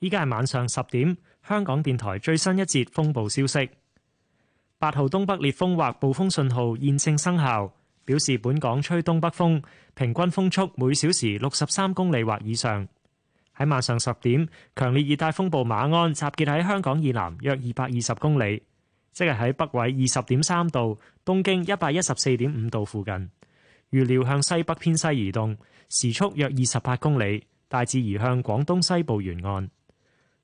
依家係晚上十點，香港電台最新一節風暴消息。八號東北烈風或暴風信號現正生效，表示本港吹東北風，平均風速每小時六十三公里或以上。喺晚上十點，強烈熱帶風暴馬鞍集結喺香港以南約二百二十公里，即係喺北緯二十點三度，東經一百一十四點五度附近。預料向西北偏西移動，時速約二十八公里，大致移向廣東西部沿岸。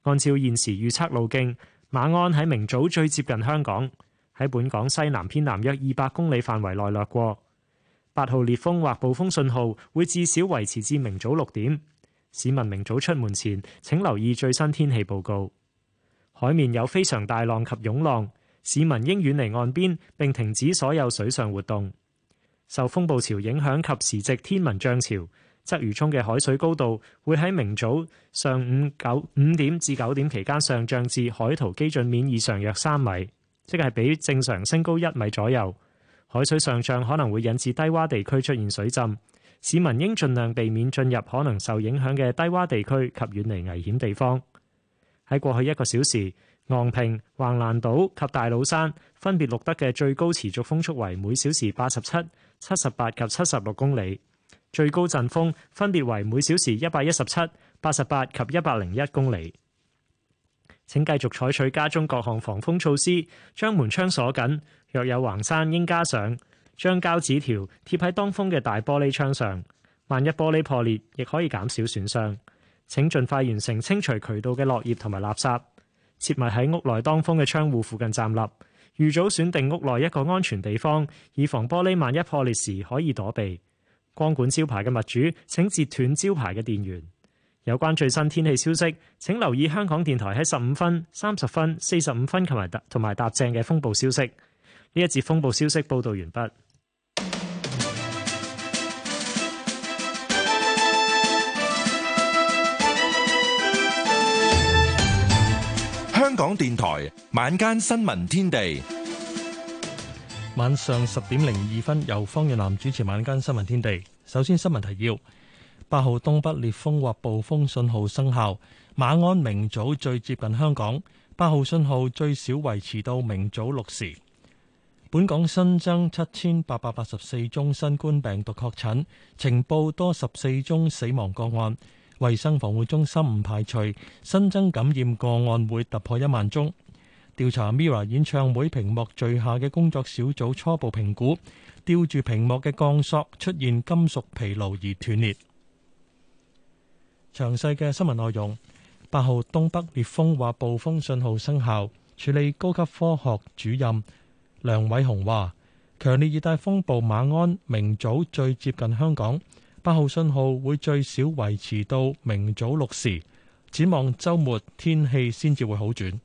按照現時預測路徑，馬鞍喺明早最接近香港，喺本港西南偏南約二百公里範圍內掠過。八號烈風或暴風信號會至少維持至明早六點。市民明早出門前請留意最新天氣報告。海面有非常大浪及湧浪，市民應遠離岸邊並停止所有水上活動。受風暴潮影響及時值天文漲潮。鰂魚涌嘅海水高度會喺明早上午九五點至九點期間上漲至海圖基準面以上約三米，即係比正常升高一米左右。海水上漲可能會引致低洼地區出現水浸，市民應盡量避免進入可能受影響嘅低洼地區及遠離危險地方。喺過去一個小時，昂坪、橫瀾島及大老山分別錄得嘅最高持續風速為每小時八十七、七十八及七十六公里。最高陣風分別為每小時一百一十七、八十八及一百零一公里。請繼續採取家中各項防風措施，將門窗鎖緊。若有橫山，應加上將膠紙條貼喺當風嘅大玻璃窗上。萬一玻璃破裂，亦可以減少損傷。請盡快完成清除渠道嘅落葉同埋垃圾。切勿喺屋內當風嘅窗戶附近站立。預早選定屋內一個安全地方，以防玻璃萬一破裂時可以躲避。光管招牌嘅物主，請截斷招牌嘅電源。有關最新天氣消息，請留意香港電台喺十五分、三十分、四十五分同埋同埋踏正嘅風暴消息。呢一節風暴消息報道完畢。香港電台晚間新聞天地。晚上十點零二分，由方遠南主持晚間新聞天地。首先，新聞提要：八號東北烈風或暴風信號生效，馬鞍明早最接近香港，八號信號最少維持到明早六時。本港新增七千八百八十四宗新冠病毒確診，呈報多十四宗死亡個案。衛生防護中心唔排除新增感染個案會突破一萬宗。調查 MIRROR 演唱會屏幕墜下嘅工作小組初步評估，吊住屏幕嘅鋼索出現金屬疲勞而斷裂。詳細嘅新聞內容，八號東北烈風或暴風信號生效。處理高級科學主任梁偉雄話，強烈熱帶風暴馬鞍明早最接近香港，八號信號會最少維持到明早六時，展望週末天氣先至會好轉。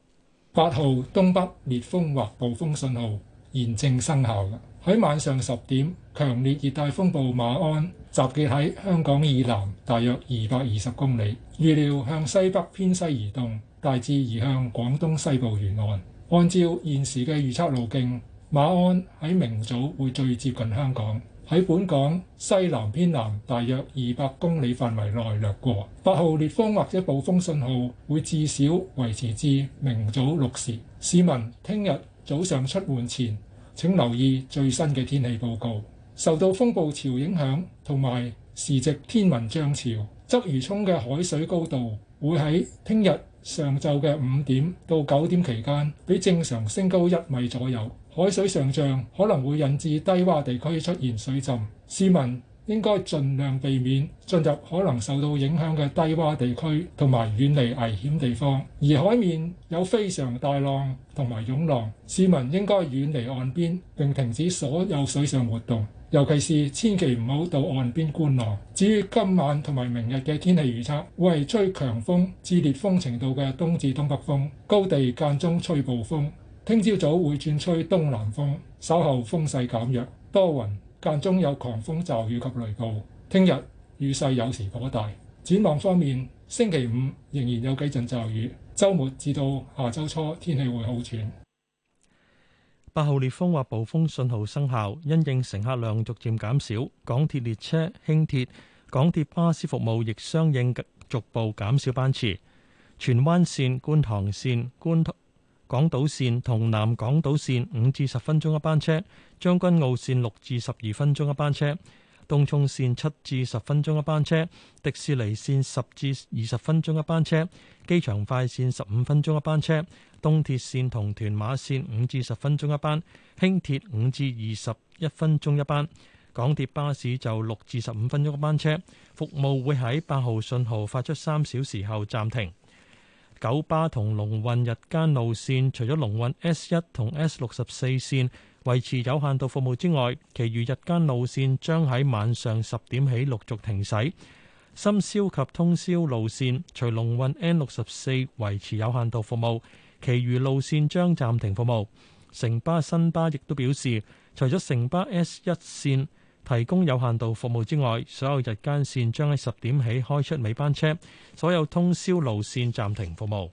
八號東北烈風或暴風信號現正生效。喺晚上十點，強烈熱帶風暴馬鞍集結喺香港以南，大約二百二十公里。預料向西北偏西移動，大致移向廣東西部沿岸。按照現時嘅預測路徑，馬鞍喺明早會最接近香港。喺本港西南偏南大約二百公里範圍內掠過，八號烈風或者暴風信號會至少維持至明早六時。市民聽日早上出門前請留意最新嘅天氣報告。受到風暴潮影響同埋時值天文漲潮，鰂魚涌嘅海水高度會喺聽日上晝嘅五點到九點期間比正常升高一米左右。海水上漲可能會引致低洼地區出現水浸，市民應該盡量避免進入可能受到影響嘅低洼地區，同埋遠離危險地方。而海面有非常大浪同埋湧浪，市民應該遠離岸邊並停止所有水上活動，尤其是千祈唔好到岸邊觀浪。至於今晚同埋明日嘅天氣預測，會係吹強風至烈風程度嘅東至東北風，高地間中吹暴風。聽朝早會轉吹東南風，稍後風勢減弱，多雲間中有狂風驟雨及雷暴。聽日雨勢有時頗大。展望方面，星期五仍然有幾陣驟雨，週末至到下周初天氣會好轉。八號烈風或暴風信號生效，因應乘客量逐漸減少，港鐵列車、輕鐵、港鐵巴士服務亦相應逐步減少班次。荃灣線、觀塘線、觀。港島線同南港島線五至十分鐘一班車，將軍澳線六至十二分鐘一班車，東涌線七至十分鐘一班車，迪士尼線十至二十分鐘一班車，機場快線十五分鐘一班車，東鐵線同屯馬線五至十分鐘一班，輕鐵五至二十一分鐘一班，港鐵巴士就六至十五分鐘一班車。服務會喺八號信號發出三小時後暫停。九巴同龍運日間路線，除咗龍運 S 一同 S 六十四線維持有限度服務之外，其餘日間路線將喺晚上十點起陸續停駛。深宵及通宵路線，除龍運 N 六十四維持有限度服務，其餘路線將暫停服務。城巴新巴亦都表示，除咗城巴 S 一線，提供有限度服務之外，所有日間綫將喺十點起開出尾班車，所有通宵路線暫停服務。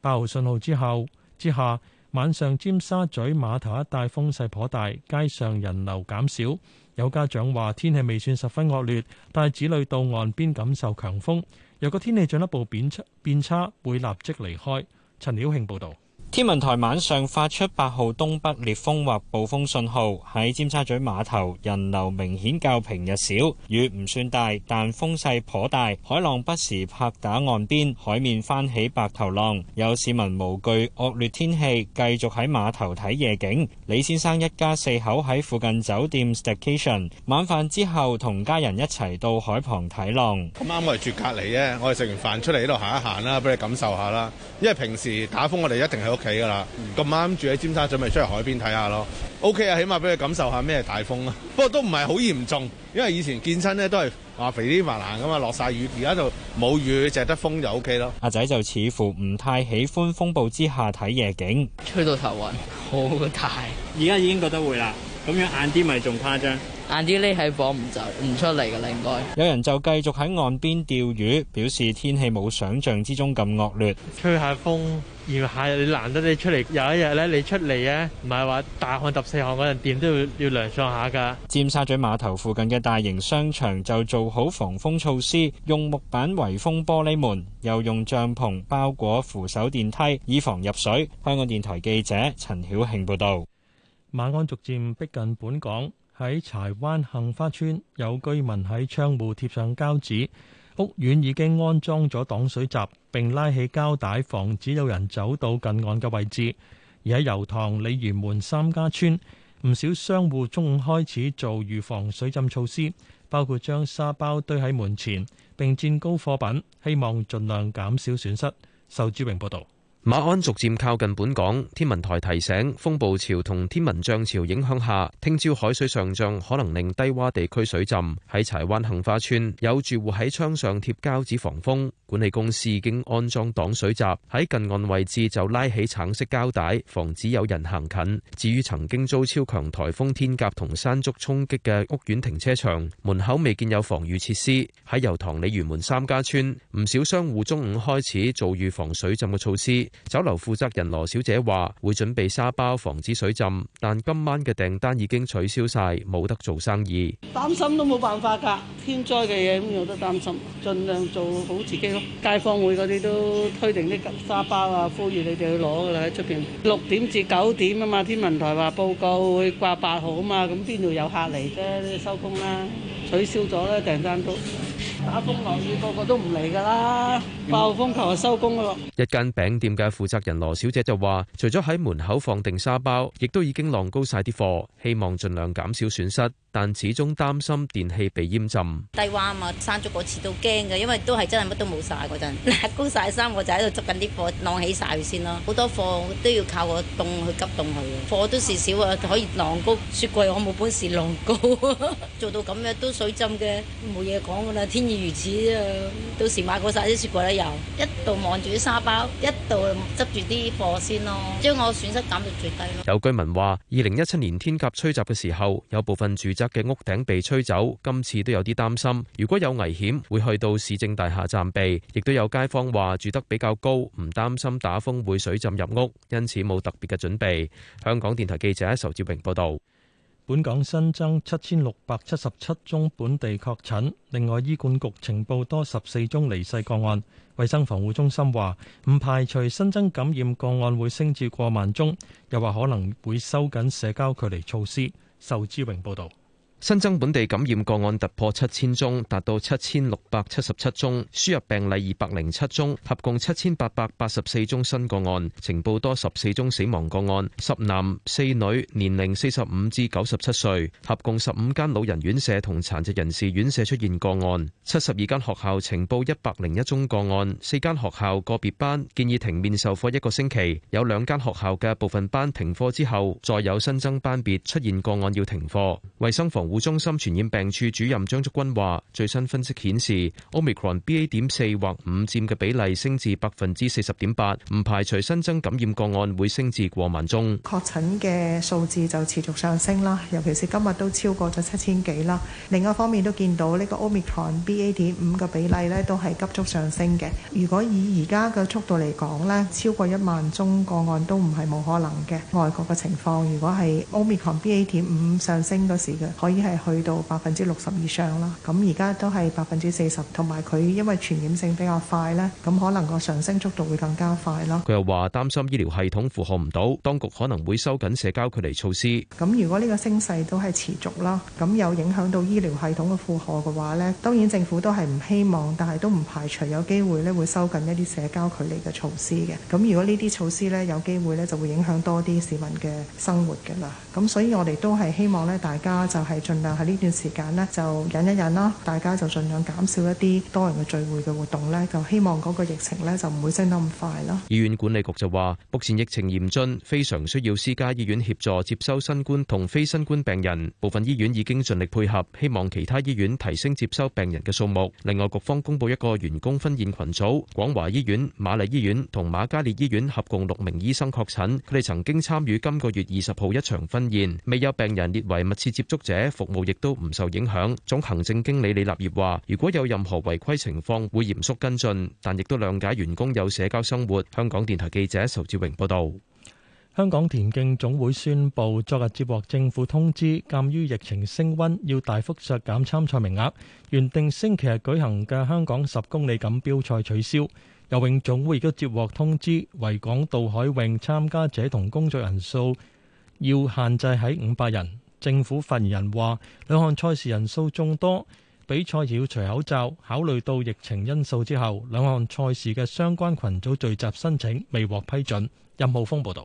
八號訊號之後，之下晚上尖沙咀碼頭一帶風勢頗大，街上人流減少。有家長話：天氣未算十分惡劣，但子女到岸邊感受強風。若果天氣進一步變差，變差會立即離開。陳曉慶報導。天文台晚上發出八號東北烈風或暴風信號，喺尖沙咀碼頭人流明顯較平日少，雨唔算大，但風勢頗大，海浪不時拍打岸邊，海面翻起白頭浪。有市民無懼惡劣天氣，繼續喺碼頭睇夜景。李先生一家四口喺附近酒店 staycation，晚飯之後同家人一齊到海旁睇浪。咁啱我哋住隔離啫，我哋食完飯出嚟呢度行一行啦，俾你感受下啦。因為平時打風我哋一定係。屋企噶啦，咁啱住喺尖沙咀，咪出去海邊睇下咯。O K 啊，起碼俾佢感受下咩大風啦。不過都唔係好嚴重，因為以前健身咧都係話肥啲橫行咁啊，落晒雨，而家就冇雨，凈係得風就 O K 咯。阿仔就似乎唔太喜歡風暴之下睇夜景，吹到頭暈，好大。而家已經覺得會啦，咁樣晏啲咪仲誇張。晏啲匿喺房唔走唔出嚟嘅啦。應該有人就繼續喺岸邊釣魚，表示天氣冇想象之中咁惡劣。吹下風，然後你難得你出嚟有一日咧，你出嚟咧唔係話大汗濕四汗嗰陣，點都要要涼爽下噶。尖沙咀碼頭附近嘅大型商場就做好防風措施，用木板圍封玻璃門，又用帳篷包裹扶手電梯，以防入水。香港電台記者陳曉慶報道。馬鞍逐漸逼近本港。喺柴灣杏花村有居民喺窗戶貼上膠紙，屋苑已經安裝咗擋水閘，並拉起膠帶，防止有人走到近岸嘅位置。而喺油塘鯉魚門三家村，唔少商戶中午開始做預防水浸措施，包括將沙包堆喺門前，並墊高貨品，希望盡量減少損失。仇志榮報道。馬鞍逐漸靠近本港，天文台提醒風暴潮同天文漲潮影響下，聽朝海水上漲可能令低洼地區水浸。喺柴灣杏花村，有住戶喺窗上貼膠紙防風。管理公司已經安裝擋水閘，喺近岸位置就拉起橙色膠帶，防止有人行近。至於曾經遭超強台風天鴿同山竹衝擊嘅屋苑停車場，門口未見有防禦設施。喺油塘鯉魚門三家村，唔少商戶中午開始做預防水浸嘅措施。酒樓負責人羅小姐話：會準備沙包防止水浸，但今晚嘅訂單已經取消晒，冇得做生意。擔心都冇辦法噶，天災嘅嘢咁有得擔心，盡量做好自己咯。街坊會嗰啲都推定啲沙包啊，呼籲你哋去攞噶啦喺出邊。六點至九點啊嘛，天文台話報告會掛八號啊嘛，咁邊度有客嚟啫？你收工啦，取消咗啦，訂單都。打風落雨個個都唔嚟噶啦，暴風球就收工咯。一間餅店嘅負責人羅小姐就話，除咗喺門口放定沙包，亦都已經晾高曬啲貨，希望盡量減少損失，但始終擔心電器被淹浸。低窪啊嘛，生咗嗰次都驚嘅，因為都係真係乜都冇曬嗰陣，晾高曬衫我就喺度執緊啲貨，晾起曬佢先咯。好多貨都要靠個凍去急凍佢嘅，貨都少少啊，可以晾高。雪櫃我冇本事晾高，做到咁樣都水浸嘅，冇嘢講噶啦，天熱。如此啊！到時買過曬啲雪櫃啦，又一度望住啲沙包，一度執住啲貨先咯，將我損失減到最低咯。有居民話：二零一七年天鴿吹襲嘅時候，有部分住宅嘅屋頂被吹走，今次都有啲擔心。如果有危險，會去到市政大廈暫避。亦都有街坊話住得比較高，唔擔心打風會水浸入屋，因此冇特別嘅準備。香港電台記者仇志平報道。本港新增七千六百七十七宗本地確診，另外醫管局呈報多十四宗離世個案。衛生防護中心話唔排除新增感染個案會升至過萬宗，又話可能會收緊社交距離措施。仇志榮報道。新增本地感染個案突破七千宗，達到七千六百七十七宗，輸入病例二百零七宗，合共七千八百八十四宗新個案，情報多十四宗死亡個案，十男四女，年齡四十五至九十七歲，合共十五間老人院舍同殘疾人士院舍出現個案，七十二間學校情報一百零一宗個案，四間學校個別班建議停面授課一個星期，有兩間學校嘅部分班停課之後，再有新增班別出現個案要停課，衛生防護中心傳染病處主任張竹君話，最新分析顯示，Omicron BA. 點四或五佔嘅比例升至百分之四十點八，唔排除新增感染個案會升至過萬宗。確診嘅數字就持續上升啦，尤其是今日都超過咗七千幾啦。另外一方面都見到呢個 Omicron BA. 點五嘅比例咧都係急速上升嘅。如果以而家嘅速度嚟講咧，超過一萬宗個案都唔係冇可能嘅。外國嘅情況，如果係 Omicron BA. 點五上升嗰時嘅，可以。係去到百分之六十以上啦，咁而家都係百分之四十，同埋佢因為傳染性比較快咧，咁可能個上升速度會更加快咯。佢又話擔心醫療系統負荷唔到，當局可能會收緊社交距離措施。咁如果呢個升勢都係持續啦，咁有影響到醫療系統嘅負荷嘅話咧，當然政府都係唔希望，但係都唔排除有機會咧會收緊一啲社交距離嘅措施嘅。咁如果呢啲措施咧有機會咧就會影響多啲市民嘅生活㗎啦。咁所以我哋都係希望咧大家就係、是。儘量喺呢段時間咧就忍一忍啦，大家就儘量減少一啲多人嘅聚會嘅活動咧，就希望嗰個疫情咧就唔會升得咁快啦。醫院管理局就話：目前疫情嚴峻，非常需要私家醫院協助接收新冠同非新冠病人。部分醫院已經盡力配合，希望其他醫院提升接收病人嘅數目。另外，局方公布一個員工婚宴羣組，廣華醫院、瑪麗醫院同瑪嘉烈醫院合共六名醫生確診，佢哋曾經參與今個月二十號一場婚宴，未有病人列為密切接觸者。服務亦都唔受影響。總行政經理李立業話，如果有任何違規情況，會嚴肅跟進，但亦都諒解員工有社交生活。香港電台記者仇志榮報道。香港田徑總會宣佈，昨日接獲政府通知，鑑於疫情升溫，要大幅削減參賽名額，原定星期日舉行嘅香港十公里錦標賽取消。游泳總會亦都接獲通知，維港渡海泳參加者同工作人數要限制喺五百人。政府發言人話，兩項賽事人數眾多，比賽要除口罩。考慮到疫情因素之後，兩項賽事嘅相關群組聚集申請未獲批准。任浩峰報道：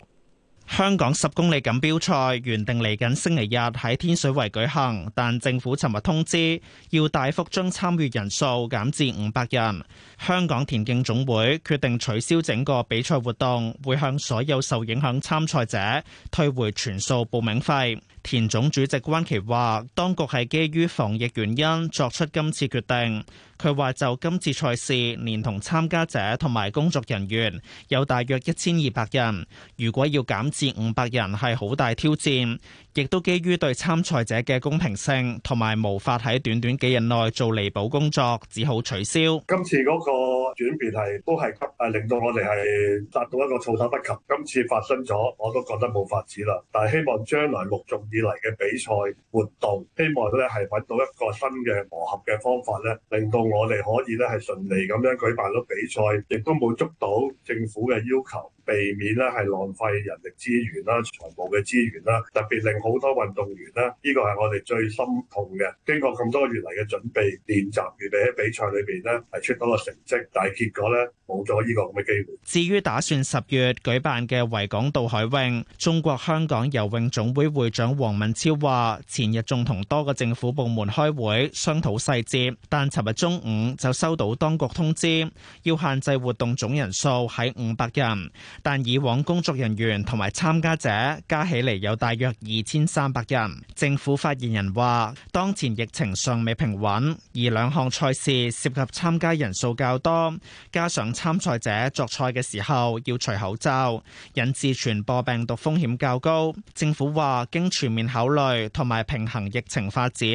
香港十公里錦標賽原定嚟緊星期日喺天水圍舉行，但政府尋日通知要大幅將參與人數減至五百人。香港田徑總會決定取消整個比賽活動，會向所有受影響參賽者退回全數報名費。田總主席關其話，當局係基於防疫原因作出今次決定。佢話就今次賽事，連同參加者同埋工作人員有大約一千二百人，如果要減至五百人，係好大挑戰。亦都基於對參賽者嘅公平性，同埋無法喺短短幾日內做彌補工作，只好取消。今次嗰個轉變係都係急，誒令到我哋係達到一個措手不及。 今次發生咗，我都覺得冇法子啦。但係希望將來陸續以嚟嘅比賽活動，希望咧係揾到一個新嘅磨合嘅方法咧，令到我哋可以咧係順利咁樣舉辦到比賽，亦都冇捉到政府嘅要求。避免呢，係浪費人力資源啦、財務嘅資源啦，特別令好多運動員啦，呢個係我哋最心痛嘅。經過咁多月嚟嘅準備練習預備喺比賽裏邊呢，係出咗個成績，但係結果呢，冇咗呢個咁嘅機會。至於打算十月舉辦嘅維港渡海泳，中國香港游泳總會會長王敏超話，前日仲同多個政府部門開會商討細節，但尋日中午就收到當局通知，要限制活動總人數喺五百人。但以往工作人員同埋參加者加起嚟有大約二千三百人。政府發言人話，當前疫情尚未平穩，而兩項賽事涉及參加人數較多，加上參賽者作賽嘅時候要除口罩，引致傳播病毒風險較高。政府話經全面考慮同埋平衡疫情發展、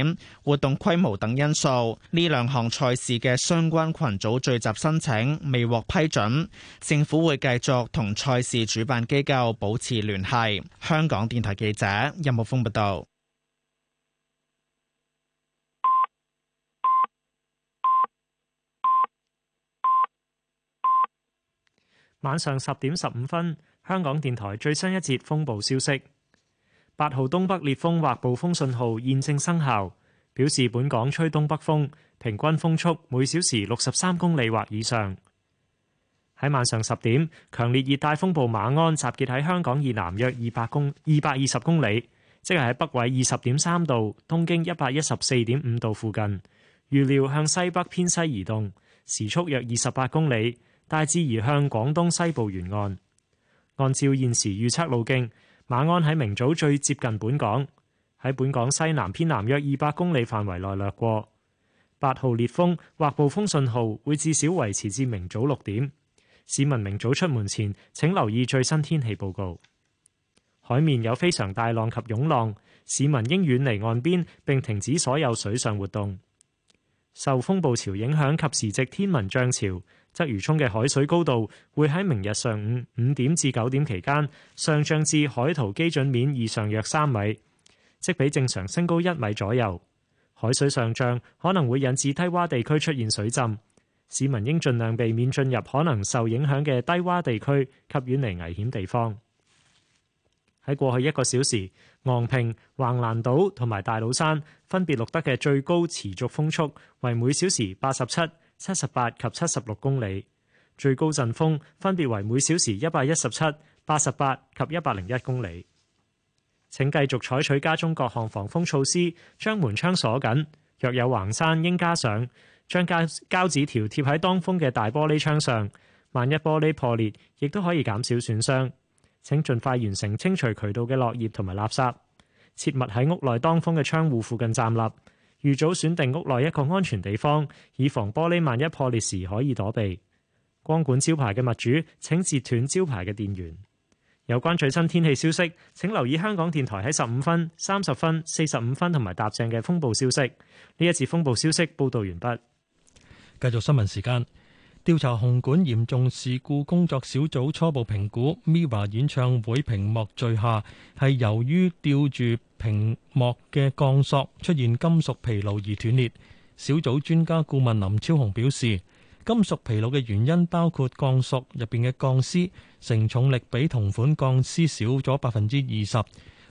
活動規模等因素，呢兩項賽事嘅相關群組聚集申請未獲批准。政府會繼續同賽事主辦機構保持聯繫。香港電台記者任木峰報道。晚上十點十五分，香港電台最新一節風暴消息：八號東北烈風或暴風信號現正生效，表示本港吹東北風，平均風速每小時六十三公里或以上。喺晚上十點，強烈熱帶風暴馬鞍集結喺香港以南約二百公二百二十公里，即係喺北緯二十點三度、東經一百一十四點五度附近。預料向西北偏西移動，時速約二十八公里，大致移向廣東西部沿岸。按照現時預測路徑，馬鞍喺明早最接近本港，喺本港西南偏南約二百公里範圍內掠過。八號烈風或暴風信號會至少維持至明早六點。市民明早出門前請留意最新天氣報告。海面有非常大浪及湧浪，市民應遠離岸邊並停止所有水上活動。受風暴潮影響及時值天文漲潮，鰂魚涌嘅海水高度會喺明日上午五點至九點期間上漲至海圖基準面以上約三米，即比正常升高一米左右。海水上漲可能會引致低窪地區出現水浸。市民應盡量避免進入可能受影響嘅低洼地區及遠離危險地方。喺過去一個小時，昂坪、橫瀾島同埋大老山分別錄得嘅最高持續風速為每小時八十七、七十八及七十六公里，最高陣風分別為每小時一百一十七、八十八及一百零一公里。請繼續採取家中各項防風措施，將門窗鎖緊。若有橫山，應加上。將膠紙條貼喺當風嘅大玻璃窗上，萬一玻璃破裂，亦都可以減少損傷。請盡快完成清除渠道嘅落葉同埋垃圾。切勿喺屋內當風嘅窗戶附近站立。預早選定屋內一個安全地方，以防玻璃萬一破裂時可以躲避。光管招牌嘅物主請截斷招牌嘅電源。有關最新天氣消息，請留意香港電台喺十五分、三十分、四十五分同埋搭正嘅風暴消息。呢一次風暴消息報導完畢。繼續新聞時間，調查紅館嚴重事故工作小組初步評估，MIRROR 演唱會屏幕墜下係由於吊住屏幕嘅鋼索出現金屬疲勞而斷裂。小組專家顧問林超雄表示，金屬疲勞嘅原因包括鋼索入邊嘅鋼絲承重力比同款鋼絲少咗百分之二十。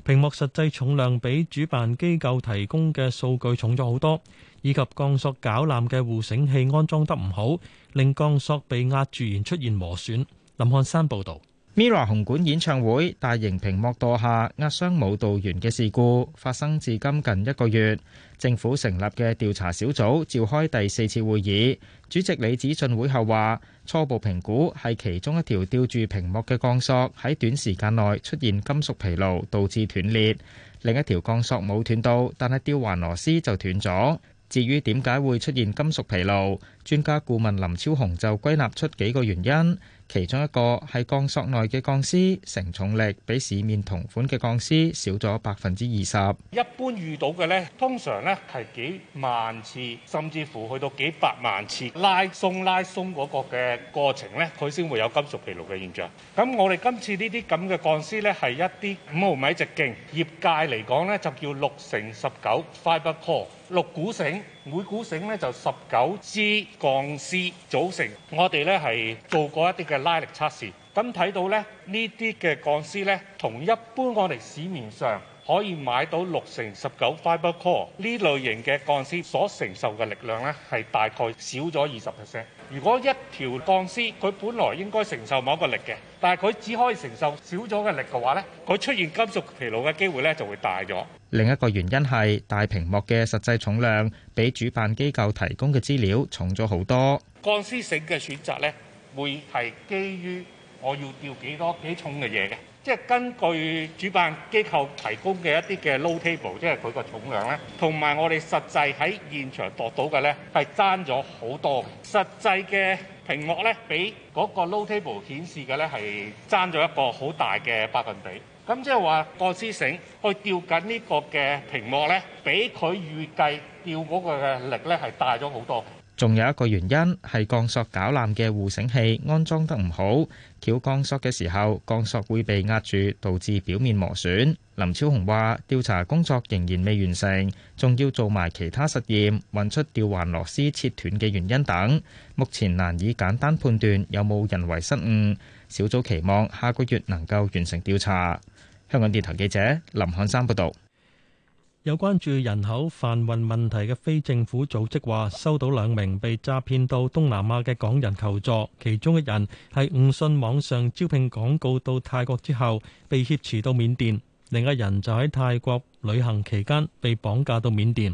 屏幕實際重量比主辦機構提供嘅數據重咗好多，以及鋼索絞纜嘅護繩器安裝得唔好，令鋼索被壓住而出現磨損。林漢山報導。MIRROR 紅館演唱會大型屏幕墮下壓傷舞蹈員嘅事故發生至今近一個月，政府成立嘅調查小組召開第四次會議，主席李子俊會後話：初步評估係其中一條吊住屏幕嘅鋼索喺短時間內出現金屬疲勞，導致斷裂。另一條鋼索冇斷到，但係吊環螺絲就斷咗。至於點解會出現金屬疲勞，專家顧問林超雄就歸納出幾個原因。其中一個係鋼索內嘅鋼絲承重力比市面同款嘅鋼絲少咗百分之二十。一般遇到嘅呢，通常呢係幾萬次，甚至乎去到幾百萬次拉鬆拉鬆嗰個嘅過程呢，佢先會有金屬疲勞嘅現象。咁我哋今次呢啲咁嘅鋼絲呢，係一啲五毫米直徑，業界嚟講呢，就叫六乘十九 fiber core 六股繩，每股繩呢就十九支鋼絲組成。我哋呢係做過一啲嘅拉力測試，咁睇到咧呢啲嘅鋼絲呢，同一般我哋市面上，可以買到六乘十九 fiber core 呢類型嘅鋼絲，所承受嘅力量呢，係大概少咗二十 percent。如果一條鋼絲佢本來應該承受某一個力嘅，但係佢只可以承受少咗嘅力嘅話呢，佢出現金屬疲勞嘅機會呢，就會大咗。另一個原因係大屏幕嘅實際重量比主辦機構提供嘅資料重咗好多。鋼絲繩嘅選擇呢，會係基於我要釣幾多幾重嘅嘢嘅。即係根據主辦機構提供嘅一啲嘅 load table，即係佢個重量咧，同埋我哋實際喺現場度到嘅咧，係爭咗好多嘅。實際嘅屏幕咧，比嗰個 load table 顯示嘅咧係爭咗一個好大嘅百分比。咁即係話個絲繩去吊緊呢個嘅屏幕咧，比佢預計吊嗰個嘅力咧係大咗好多。仲有一個原因係鋼索搞攣嘅護繩器安裝得唔好，撬鋼索嘅時候鋼索會被壓住，導致表面磨損。林超雄話：調查工作仍然未完成，仲要做埋其他實驗，揾出吊環螺絲切斷嘅原因等，目前難以簡單判斷有冇人為失誤。小組期望下個月能夠完成調查。香港電台記者林漢山報導。有關注人口販運問題嘅非政府組織話，收到兩名被詐騙到東南亞嘅港人求助，其中一人係誤信網上招聘廣告到泰國之後，被挾持到緬甸；另一人就喺泰國旅行期間被綁架到緬甸。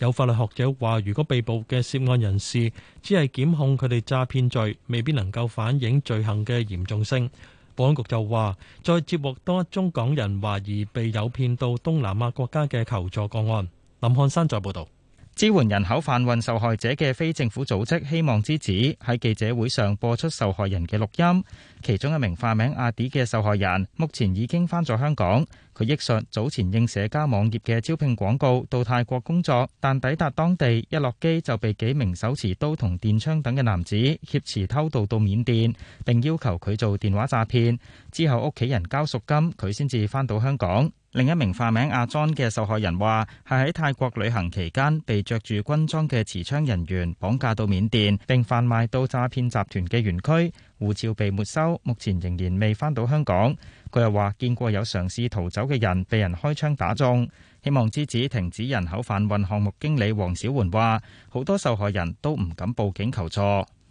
有法律學者話，如果被捕嘅涉案人士只係檢控佢哋詐騙罪，未必能夠反映罪行嘅嚴重性。保安局就話再接獲多宗港人懷疑被誘騙到東南亞國家嘅求助個案。林漢山再報道。支援人口販運受害者嘅非政府組織希望之子喺記者會上播出受害人嘅錄音。其中一名化名阿迪嘅受害人，目前已經翻咗香港。佢憶述早前應社交網頁嘅招聘廣告到泰國工作，但抵達當地一落機就被幾名手持刀同電槍等嘅男子挾持偷渡到緬甸，並要求佢做電話詐騙，之後屋企人交贖金，佢先至翻到香港。另一名化名阿莊嘅受害人話，係喺泰國旅行期間被着住軍裝嘅持槍人員綁架到緬甸，並販賣到詐騙集團嘅園區。護照被沒收，目前仍然未返到香港。佢又話，見過有嘗試逃走嘅人，被人開槍打中。希望之子停止人口販運。項目經理黃小媛話，好多受害人都唔敢報警求助。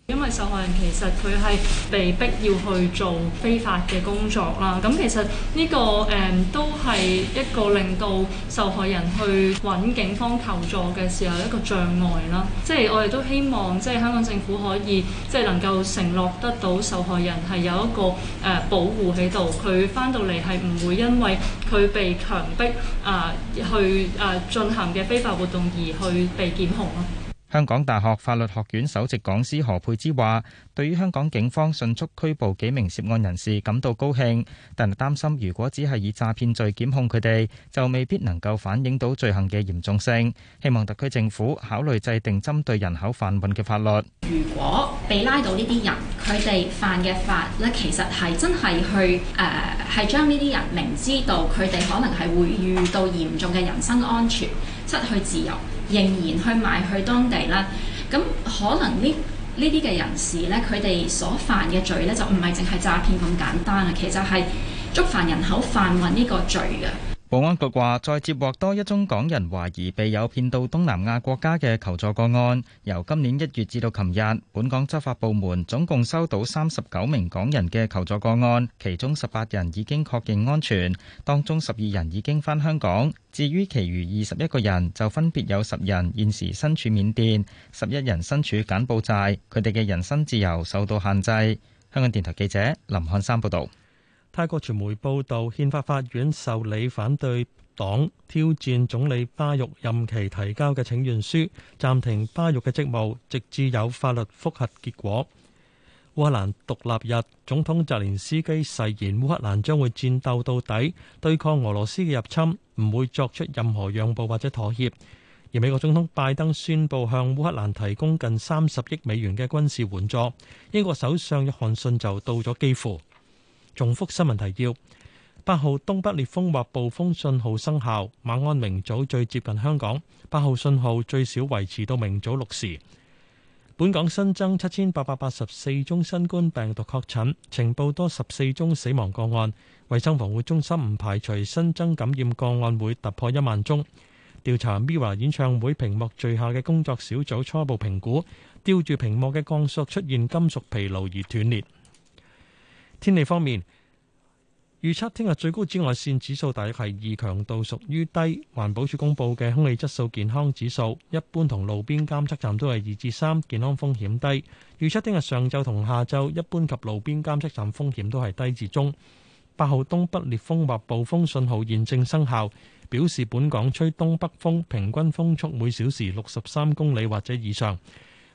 因為受害人其實佢係被逼要去做非法嘅工作啦，咁其實呢個誒都係一個令到受害人去揾警方求助嘅時候一個障礙啦。即係我哋都希望即係香港政府可以即係能夠承諾得到受害人係有一個誒保護喺度，佢翻到嚟係唔會因為佢被強迫啊去啊進行嘅非法活動而去被檢控咯。香港大學法律學院首席講師何佩芝話，對於香港警方迅速拘捕幾名涉案人士感到高興，但係擔心如果只係以詐騙罪檢控佢哋，就未必能夠反映到罪行嘅嚴重性。希望特區政府考慮制定針對人口販運嘅法律。如果被拉到呢啲人，佢哋犯嘅法咧，其實係真係去誒，係將呢啲人明知道佢哋可能係會遇到嚴重嘅人身安全、失去自由。仍然去賣去當地啦，咁可能呢呢啲嘅人士咧，佢哋所犯嘅罪咧就唔係淨係詐騙咁簡單啊，其實係觸犯人口販運呢個罪嘅。保安局話再接獲多一宗港人懷疑被誘騙到東南亞國家嘅求助個案。由今年一月至到琴日，本港執法部門總共收到三十九名港人嘅求助個案，其中十八人已經確認安全，當中十二人已經翻香港。至於其餘二十一個人，就分別有十人現時身處緬甸，十一人身處柬埔寨，佢哋嘅人身自由受到限制。香港電台記者林漢山報道。泰國傳媒報道，憲法法院受理反對黨挑戰總理巴育任期提交嘅請願書，暫停巴育嘅職務，直至有法律覆核結果。烏克蘭獨立日，總統澤連斯基誓言烏克蘭將會戰鬥到底，對抗俄羅斯嘅入侵，唔會作出任何讓步或者妥協。而美國總統拜登宣布向烏克蘭提供近三十億美元嘅軍事援助，英國首相約翰遜就到咗基輔。重複新聞提要：八號東北烈風或暴風信號生效，馬鞍明早最接近香港，八號信號最少維持到明早六時。本港新增七千八百八十四宗新冠病毒確診，呈報多十四宗死亡個案。衛生防護中心唔排除新增感染個案會突破一萬宗。調查 MIRROR 演唱會屏幕墜下嘅工作小組初步評估，吊住屏幕嘅鋼索出現金屬疲勞而斷裂。天氣方面，預測聽日最高紫外線指數大約係二，強度屬於低。環保署公布嘅空氣質素健康指數，一般同路邊監測站都係二至三，健康風險低。預測聽日上晝同下晝，一般及路邊監測站風險都係低至中。八號東北烈風或暴風信號現正生效，表示本港吹東北風，平均風速每小時六十三公里或者以上。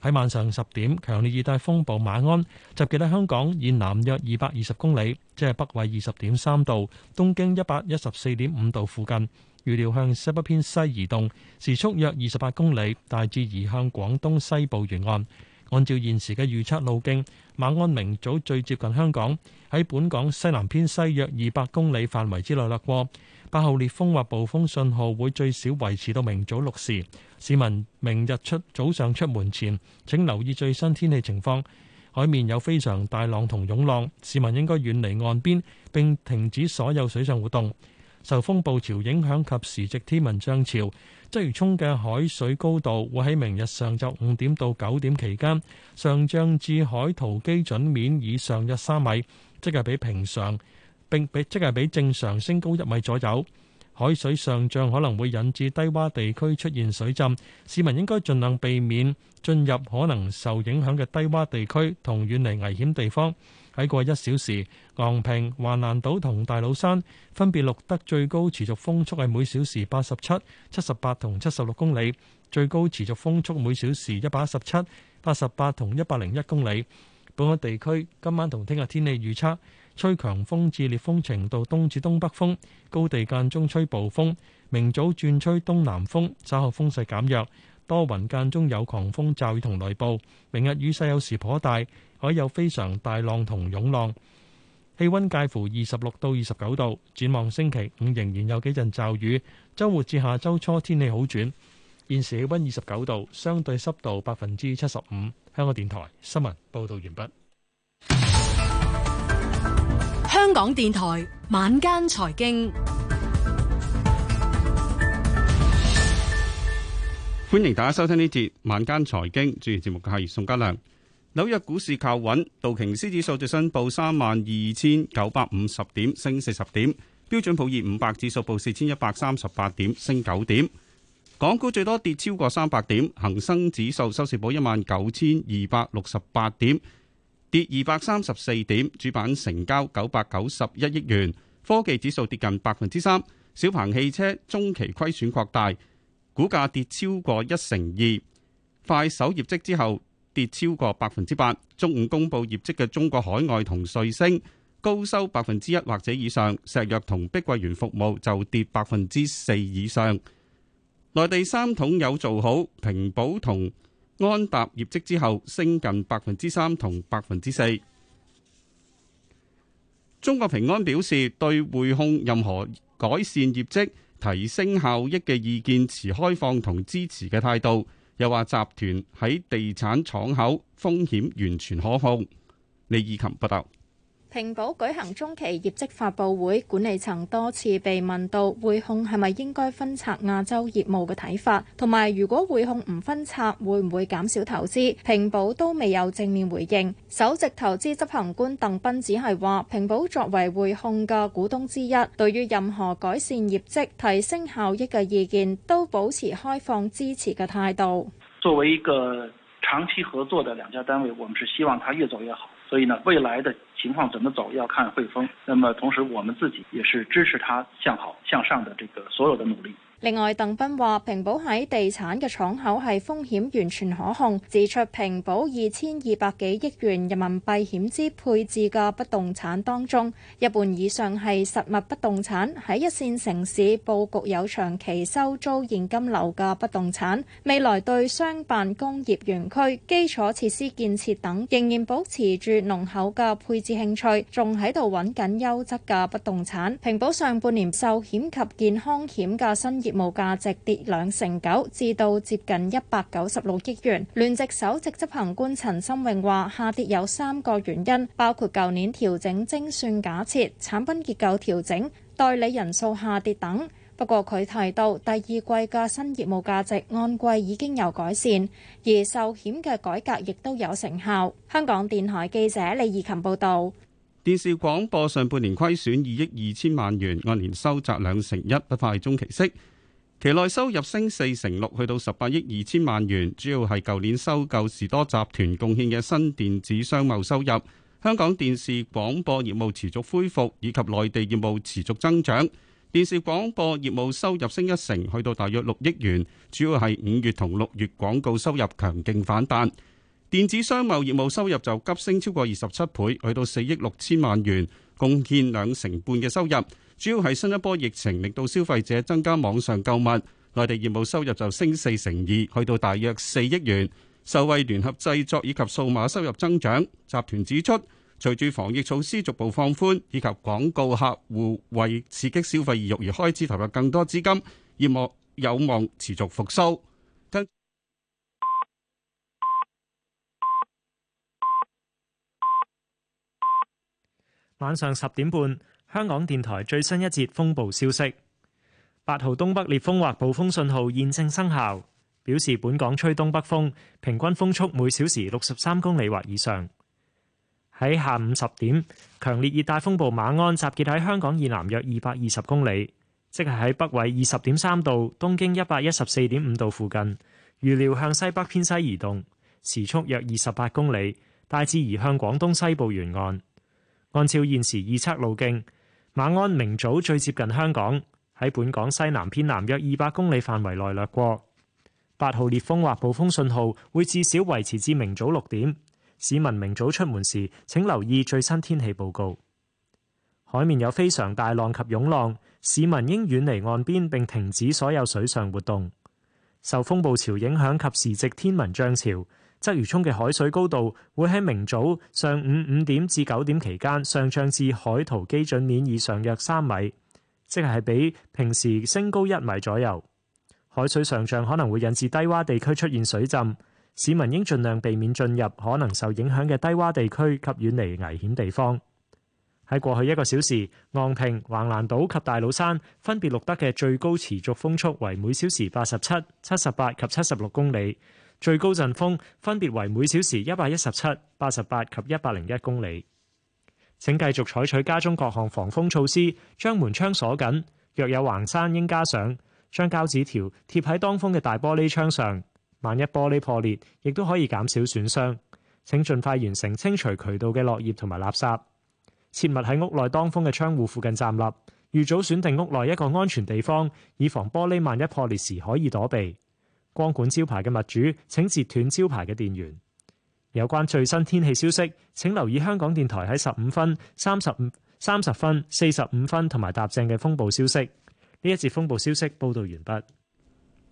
喺晚上十點，強烈熱帶風暴馬鞍集結喺香港以南約二百二十公里，即係北緯二十點三度、東經一百一十四點五度附近。預料向西北偏西移動，時速約二十八公里，大致移向廣東西部沿岸。按照現時嘅預測路徑，馬鞍明早最接近香港，喺本港西南偏西約二百公里範圍之內掠過。八號烈風或暴風信號會最少維持到明早六時。市民明日出早上出門前請留意最新天氣情況，海面有非常大浪同湧浪，市民應該遠離岸邊並停止所有水上活動。受風暴潮影響及時值天文漲潮，鰂魚湧嘅海水高度會喺明日上晝五點到九點期間上漲至海圖基準面以上約三米，即係比平常並比即係比正常升高一米左右。海水上漲可能會引致低洼地區出現水浸，市民應該盡量避免進入可能受影響嘅低洼地區同遠離危險地方。喺過一小時，昂坪、橫瀾島同大老山分別錄得最高持續風速係每小時八十七、七十八同七十六公里，最高持續風速每小時一百一十七、八十八同一百零一公里。本港地區今晚同聽日天氣預測。吹強風至烈風程度，東至東北風，高地間中吹暴風。明早轉吹東南風，稍後風勢減弱，多雲間中有狂風驟雨同雷暴。明日雨勢有時頗大，海有非常大浪同湧浪。氣溫介乎二十六到二十九度。展望星期五仍然有幾陣驟雨，周末至下周初天氣好轉。現時氣溫二十九度，相對濕度百分之七十五。香港電台新聞報道完畢。香港電台晚間財經，歡迎大家收聽呢節晚間財經。主持節目嘅係宋家良。紐約股市靠穩，道瓊斯指數最新報三萬二千九百五十點，升四十點。標準普爾五百指數報四千一百三十八點，升九點。港股最多跌超過三百點，恒生指數收市報一萬九千二百六十八點。跌二百三十四點，主板成交九百九十一億元，科技指數跌近百分之三。小鵬汽車中期虧損擴大，股價跌超過一成二。快手業績之後跌超過百分之八。中午公布業績嘅中國海外同瑞聲，高收百分之一或者以上，石藥同碧桂園服務就跌百分之四以上。內地三桶有做好，平保同，安踏業績之後升近百分之三同百分之四。中國平安表示，對匯控任何改善業績、提升效益嘅意見持開放同支持嘅態度，又話集團喺地產敞口風險完全可控。李以琴報道。平保舉行中期業績發布會，管理層多次被問到匯控係咪應該分拆亞洲業務嘅睇法，同埋如果匯控唔分拆，會唔會減少投資？平保都未有正面回應。首席投資執行官鄧斌只係話，平保作為匯控嘅股東之一，對於任何改善業績、提升效益嘅意見，都保持開放支持嘅態度。作為一個長期合作嘅兩家單位，我們是希望它越走越好。所以呢，未來的情況怎麼走，要看匯豐。那麼同時，我們自己也是支持他向好向上的這個所有的努力。另外，鄧斌話平保喺地產嘅敞口係風險完全可控，指出平保二千二百幾億元人民幣險資配置嘅不動產當中，一半以上係實物不動產，喺一線城市佈局有長期收租現金流嘅不動產。未來對商辦工業園區基礎設施建設等仍然保持住濃厚嘅配置興趣，仲喺度揾緊優質嘅不動產。平保上半年壽險及健康險嘅新業務價值跌兩成九，至到接近一百九十六億元。聯席首席執行官陳森榮話：下跌有三個原因，包括舊年調整精算假設、產品結構調整、代理人數下跌等。不過佢提到，第二季嘅新業務價值按季已經有改善，而壽險嘅改革亦都有成效。香港電台記者李怡琴報道：電視廣播上半年虧損二億二千萬元，按年收窄兩成一，不快中期息。期內收入升四成六，去到十八億二千萬元，主要係舊年收購士多集團貢獻嘅新電子商貿收入。香港電視廣播業務持續恢復，以及內地業務持續增長。電視廣播業務收入升一成，去到大約六億元，主要係五月同六月廣告收入強勁反彈。電子商貿業務收入就急升超過二十七倍，去到四億六千萬元，貢獻兩成半嘅收入。主要係新一波疫情令到消費者增加網上購物，內地業務收入就升四成二，去到大約四億元。受惠聯合製作以及數碼收入增長，集團指出，隨住防疫措施逐步放寬以及廣告客戶為刺激消費意欲而開始投入更多資金，業務有望持續復蘇。聽晚上十點半。香港電台最新一節風暴消息，八號東北烈風或暴風信號現正生效，表示本港吹東北風，平均風速每小時六十三公里或以上。喺下午十點，強烈熱帶風暴馬鞍集結喺香港以南約二百二十公里，即係喺北緯二十點三度，東經一百一十四點五度附近，預料向西北偏西移動，時速約二十八公里，大致移向廣東西部沿岸。按照現時預測路徑。馬鞍明早最接近香港，喺本港西南偏南約二百公里範圍內掠過。八號烈風或暴風信號會至少維持至明早六點。市民明早出門時請留意最新天氣報告。海面有非常大浪及湧浪，市民應遠離岸邊並停止所有水上活動。受風暴潮影響及時值天文漲潮。鰂魚涌嘅海水高度會喺明早上午五點至九點期間上漲至海圖基準面以上約三米，即係比平時升高一米左右。海水上漲可能會引致低洼地區出現水浸，市民應盡量避免進入可能受影響嘅低洼地區及遠離危險地方。喺過去一個小時，昂坪、橫瀾島及大老山分別錄得嘅最高持續風速為每小時八十七、七十八及七十六公里。最高陣風分別為每小時一百一十七、八十八及一百零一公里。請繼續採取家中各項防風措施，將門窗鎖緊。若有橫山，應加上將膠紙條貼喺當風嘅大玻璃窗上。萬一玻璃破裂，亦都可以減少損傷。請盡快完成清除渠道嘅落葉同埋垃圾。切勿喺屋內當風嘅窗戶附近站立。預早選定屋內一個安全地方，以防玻璃萬一破裂時可以躲避。光管招牌嘅物主，請截斷招牌嘅電源。有關最新天氣消息，請留意香港電台喺十五分、三十五、三十分、四十五分同埋踏正嘅風暴消息。呢一節風暴消息報道完畢。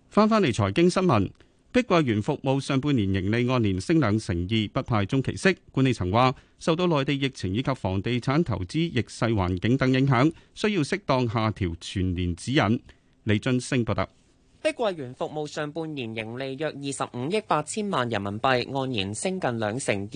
返返嚟財經新聞，碧桂園服務上半年盈利按年升兩成二，不派中期息。管理層話，受到內地疫情以及房地產投資逆勢環境等影響，需要適當下調全年指引。李津升報道。碧桂園服務上半年盈利約二十五億八千萬人民幣，按年升近兩成二。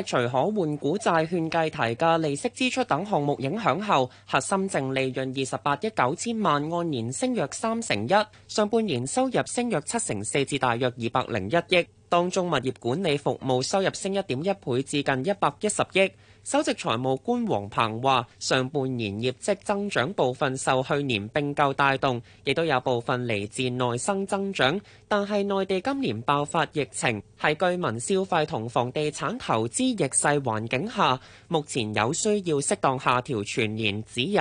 剔除可換股債券計提嘅利息支出等項目影響後，核心淨利潤二十八億九千萬，按年升約三成一。上半年收入升約七成四，至大約二百零一億，當中物業管理服務收入升一點一倍，至近一百一十億。首席財務官黃鵬話：上半年業績增長部分受去年並購帶動，亦都有部分嚟自內生增長。但係內地今年爆發疫情，喺居民消費同房地產投資逆勢環境下，目前有需要適當下調全年指引，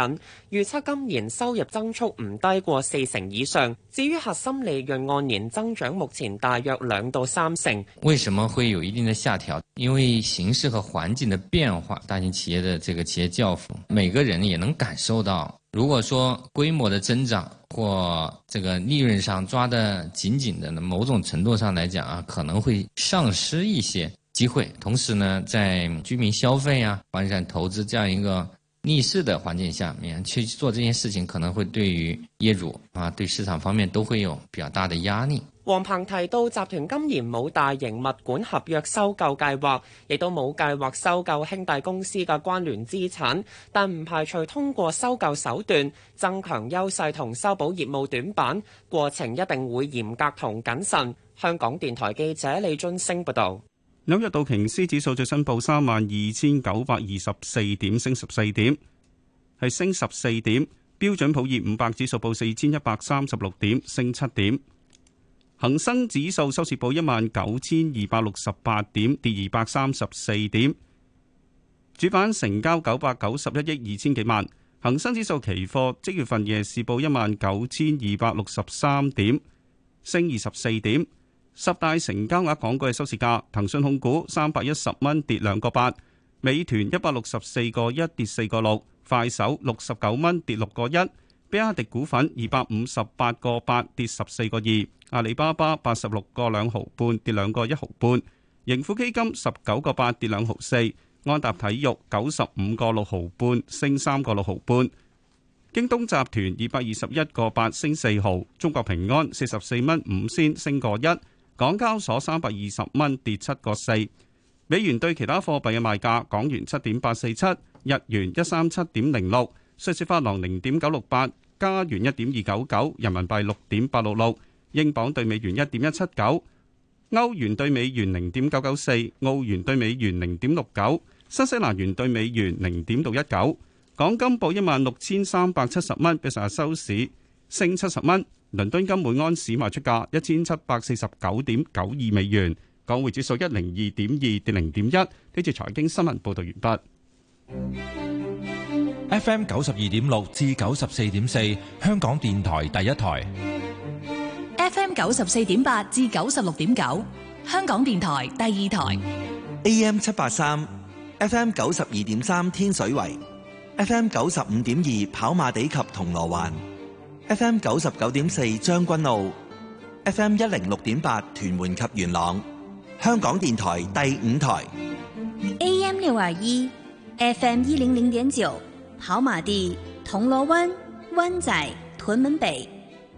預測今年收入增速唔低過四成以上。至於核心利潤按年增長，目前大約兩到三成。為什麼會有一定的下調？因為形勢和環境的變化。大型企業的這個企業教父，每個人也能感受到。如果說規模的增長或這個利潤上抓得緊緊的呢，某種程度上來講啊，可能會喪失一些機會。同時呢，在居民消費啊、房地產投資這樣一個逆勢的環境下面去做這件事情，可能會對於業主啊、對市場方面都會有比較大的壓力。王鵬提到，集團今年冇大型物管合約收購計劃，亦都冇計劃收購兄弟公司嘅關聯資產，但唔排除通過收購手段增強優勢同修補業務短板。過程一定會嚴格同謹慎。香港電台記者李津星報導。紐約道瓊斯指數最新報三萬二千九百二十四點，升十四點，係升十四點。標準普爾五百指數報四千一百三十六點，升七點。恒生指數收市報一萬九千二百六十八點，跌二百三十四點。主板成交九百九十一億二千幾萬。恒生指數期貨即月份夜市報一萬九千二百六十三點，升二十四點。十大成交額港股嘅收市價：騰訊控股三百一十蚊，跌兩個八；美團一百六十四個一，跌四個六；快手六十九蚊，跌六個一。比亞迪股份二百五十八個八跌十四個二，阿里巴巴八十六個兩毫半跌兩個一毫半，盈富基金十九個八跌兩毫四，安踏體育九十五個六毫半升三個六毫半，京東集團二百二十一個八升四毫，中國平安四十四蚊五仙升個一，港交所三百二十蚊跌七個四，美元兌其他貨幣嘅賣價，港元七點八四七，日元一三七點零六。瑞士法郎零點九六八，加元一點二九九，人民幣六點八六六，英鎊對美元一點一七九，歐元對美元零點九九四，澳元對美元零點六九，新西蘭元對美元零點六一九。港金報一萬六千三百七十蚊，比上日收市升七十蚊。倫敦金每盎司賣出價一千七百四十九點九二美元。港匯指數一零二點二跌零點一。呢次財經新聞報道完畢。FM 九十二點六至九十四點四，香港電台第一台；FM 九十四點八至九十六點九，香港電台第二台；AM 七八三，FM 九十二點三，天水圍；FM 九十五點二，跑馬地及銅鑼灣；FM 九十九點四，將軍澳；FM 一零六點八，屯門及元朗，香港電台第五台；AM 六二一，FM 一零零點九。跑馬地、銅鑼灣、灣仔、屯門北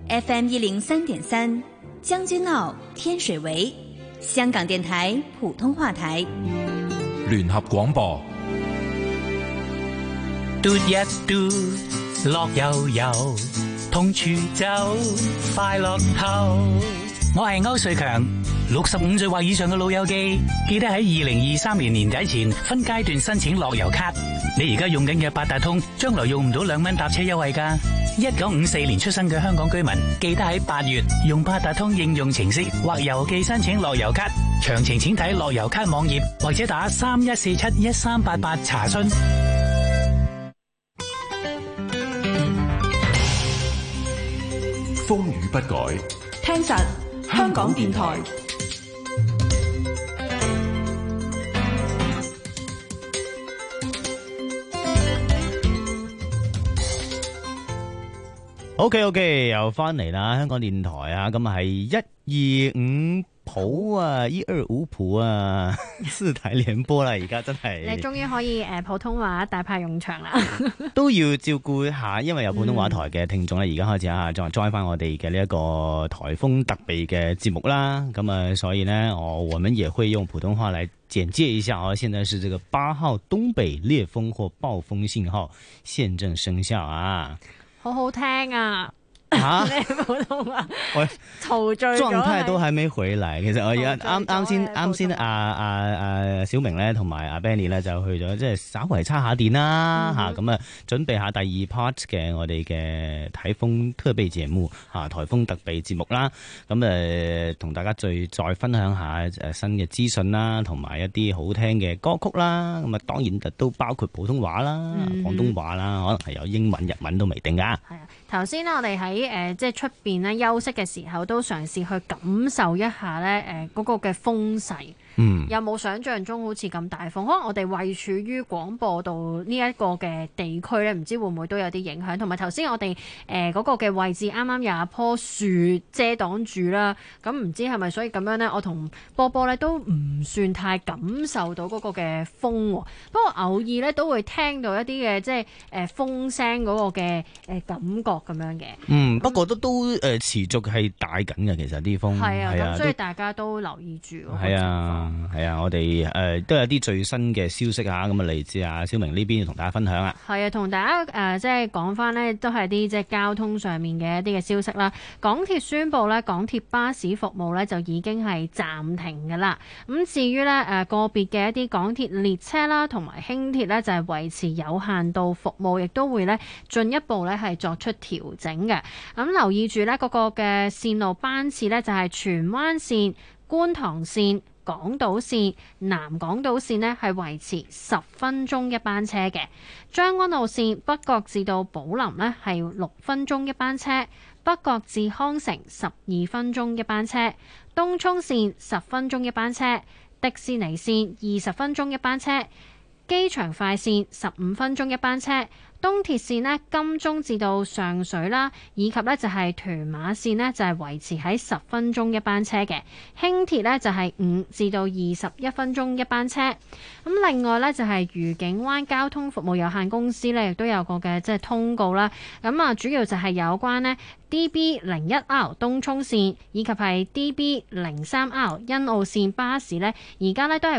，FM 一零三點三，將軍澳、天水圍，香港電台普通話台，聯合廣播。嘟一嘟，e 樂悠悠，痛處走，快樂透。我係歐瑞強。六十五歲或以上嘅老友記，記得喺二零二三年年底前分階段申請樂悠咭。你而家用緊嘅八達通，將來用唔到兩蚊搭車優惠㗎。一九五四年出生嘅香港居民，記得喺八月用八達通應用程式或郵寄申請樂悠咭。詳情請睇樂悠咭網頁或者打三一四七一三八八查詢。風雨不改，聽實香港電台。O K O K，又翻嚟啦！香港電台啊，咁係一、二、五普啊，一、啊、二、五普啊，四台聯播啦！而家真係 你終於可以誒、呃、普通話大派用場啦！ 都要照顧一下，因為有普通話台嘅聽眾啦。而家開始啊，再再翻我哋嘅呢一個台風特備嘅節目啦。咁、嗯、啊，嗯、所以呢，我、哦、我們也會用普通話嚟簡介一下、啊。哦，現在是這個八號東北烈風或暴風信號現正，正生效啊！好好聽啊！吓，啊、 你普通話，陶醉咗狀態都係未回嚟。其實我而家啱啱先啱先阿阿阿小明咧，同埋，啊、阿 Benny 咧就去咗，即係稍微叉下電啦吓。咁，嗯，啊，準備下第二 part 嘅我哋嘅颱風特備節目吓，啊，颱風特備節目啦。咁，啊，誒，同大家再再分享下誒新嘅資訊啦，同埋一啲好聽嘅歌曲啦。咁啊，當然都包括普通話啦、廣、嗯、東話啦，可能係有英文、日文都未定噶。係啊，頭先咧，我哋喺。喺誒、呃、即係出邊咧休息嘅時候，都嘗試去感受一下咧誒嗰個嘅風勢。嗯、有冇想像中好似咁大風？可能我哋位處於廣播道呢一個嘅地區咧，唔知會唔會都有啲影響。同埋頭先我哋誒嗰個嘅位置啱啱有一棵樹遮擋住啦，咁、嗯、唔知係咪所以咁樣呢，我同波波咧都唔算太感受到嗰個嘅風，不過偶爾咧都會聽到一啲嘅即係誒、呃、風聲嗰個嘅誒感覺咁樣嘅。嗯，嗯不過都都誒、呃、持續係大緊嘅，其實啲風係啊，啊都所以大家都留意住。係啊。係、嗯、啊，我哋誒、呃、都有啲最新嘅消息啊。咁啊嚟自啊小明呢邊同大家分享啊。係啊，同大家誒、呃，即係講返咧，都係啲即係交通上面嘅一啲嘅消息啦。港鐵宣佈呢，港鐵巴士服務呢就已經係暫停噶啦。咁至於呢誒、呃、個別嘅一啲港鐵列車啦，同埋輕鐵呢，就係維持有限度服務，亦都會呢進一步呢係作出調整嘅。咁、嗯、留意住呢嗰個嘅線路班次呢，就係荃灣綫、觀塘綫。港島綫、南港島綫呢係維持十分鐘一班車嘅。將軍澳綫，北角至到寶林呢係六分鐘一班車，北角至康城十二分鐘一班車，東涌綫十分鐘一班車，迪士尼綫二十分鐘一班車，機場快綫十五分鐘一班車。東鐵線咧，金鐘至到上水啦，以及咧就係屯馬線咧，就係維持喺十分鐘一班車嘅。輕鐵咧就係五至到二十一分鐘一班車。咁另外咧就係愉景灣交通服務有限公司咧，亦都有個嘅即係通告啦。咁啊，主要就係有關咧 DB 零一 R 東涌線以及係 DB 零三 R 欣澳線巴士咧，而家咧都係。